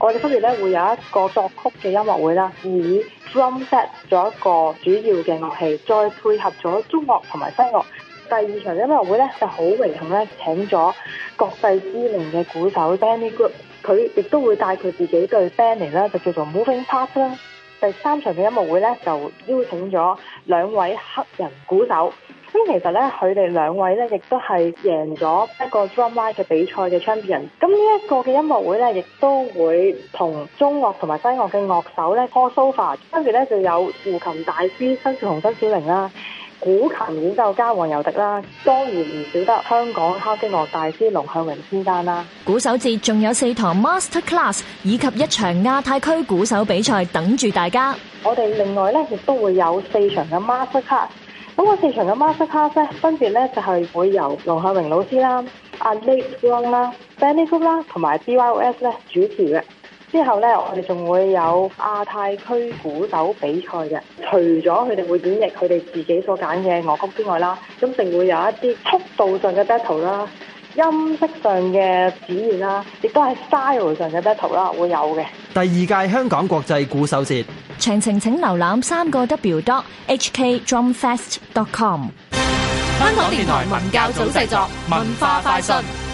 我哋分別咧會有一個作曲嘅音樂會啦，以 drum set 做一個主要嘅樂器，再配合咗中樂同埋西樂。第二場音樂會咧就好榮幸咧請咗國際知名嘅鼓手 Benny Greb，佢亦都會帶佢自己對 band 啦，就叫做 Moving Parts 啦。第三場嘅音樂會咧就邀請咗兩位黑人鼓手。咁其實咧，佢哋兩位咧，亦都係贏咗一個 drum line 嘅比賽嘅 champion。咁、這個、呢一個嘅音樂會咧，亦都會同中樂同埋西樂嘅樂手咧 crossover，跟住咧，就有胡琴大師曾小紅、曾小玲啦，古琴演奏家黃柔迪啦，當然唔少得香港敲擊樂大師龍向榮先生啦。鼓手節仲有四堂 master class 以及一場亞太區鼓手比賽等住大家。我哋另外咧，亦都會有四場嘅 master class。咁我四場嘅 masterclass 咧，分別咧就係、是、會由龍學明老師啦、阿 Nick Wong 啦、Benny Cook 啦同埋 D Y O S 咧主持嘅。之後咧，我哋仲會有亞太區鼓手比賽嘅，除咗佢哋會演繹佢哋自己所揀嘅樂曲之外啦，咁仲會有一啲速度上嘅 battle 啦。音色上嘅指意啦，亦都係 style 上嘅 battle 啦，會有嘅。第二屆香港國際鼓手節詳情請瀏覽三個 W dot HK Drumfest.com。香港電台文教組製作，文化快訊。